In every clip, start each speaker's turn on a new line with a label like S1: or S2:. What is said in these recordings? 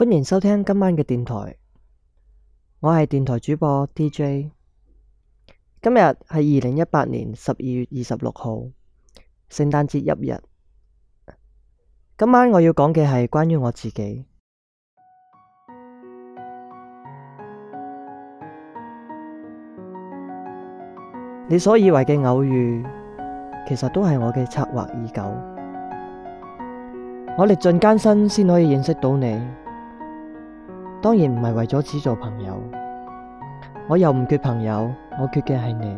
S1: 歡迎收聽今晚嘅電台，我係電台主播 DJ。今日係二零一八年十二月二十六號，聖誕節翌日。今晚我要講嘅係關於我自己。你所以為嘅偶遇，其實都係我嘅策劃已久。我歷盡艱辛先可以認識到你。當然唔係為咗只做朋友，我又唔缺朋友，我缺嘅係你。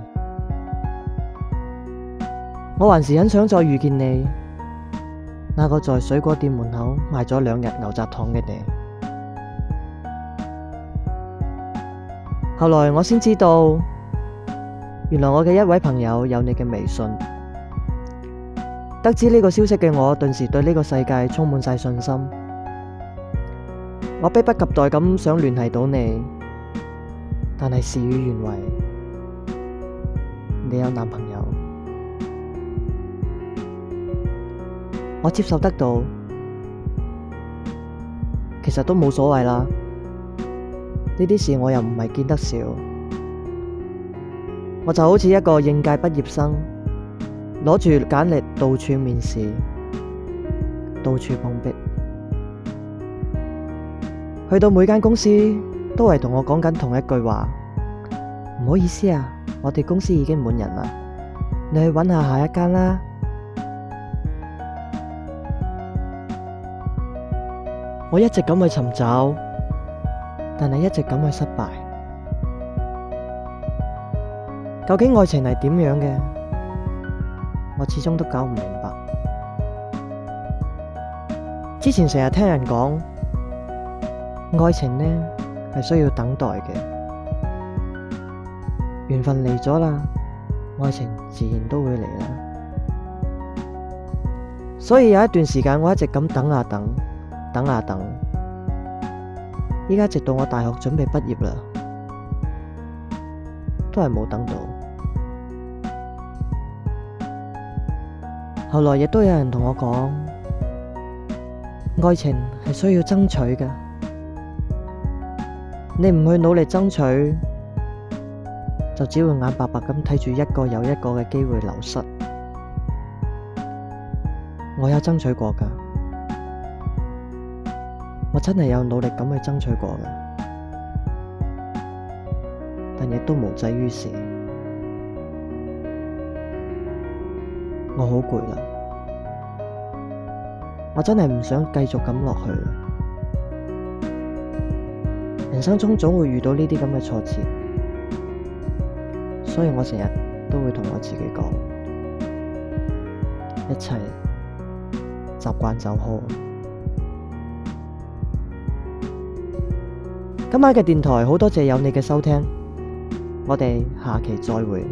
S1: 我還是很想再遇見你，那個在水果店門口賣咗兩日牛軋糖嘅你。後來我先知道，原來我嘅一位朋友有你嘅微信。得知呢個消息嘅我，頓時對呢個世界充滿晒信心。我迫不及待咁想聯繫到你，但係事與願違，你有男朋友，我接受得到，其實都冇所謂啦。呢啲事我又唔係見得少，我就好似一個應屆畢業生，攞住簡歷到處面試，到處碰壁。去到每間公司，都係同我講緊同一句話：唔好意思啊，我哋公司已經滿人啦，你去揾下下一間啦。我一直咁去尋找，但係一直咁去失敗。究竟愛情係點樣嘅？我始終都搞唔明白。之前成日聽人講。愛情呢，係需要等待嘅，緣分嚟咗啦，愛情自然都會嚟啦。所以有一段時間我一直咁等啊等，等啊等，依家直到我大學準備畢業啦，都係冇等到。後來亦都有人同我講，愛情係需要爭取嘅。你唔去努力爭取，就只會眼白白咁睇住一個又一個嘅機會流失。我有爭取過噶，我真係有努力咁去爭取過嘅，但亦都無濟於事。我好攰啦，我真係唔想繼續咁落去啦。人生中總會遇到呢啲咁嘅挫折，所以我成日都會同我自己講，一切習慣就好。今晚嘅電台好多謝有你嘅收聽，我哋下期再會。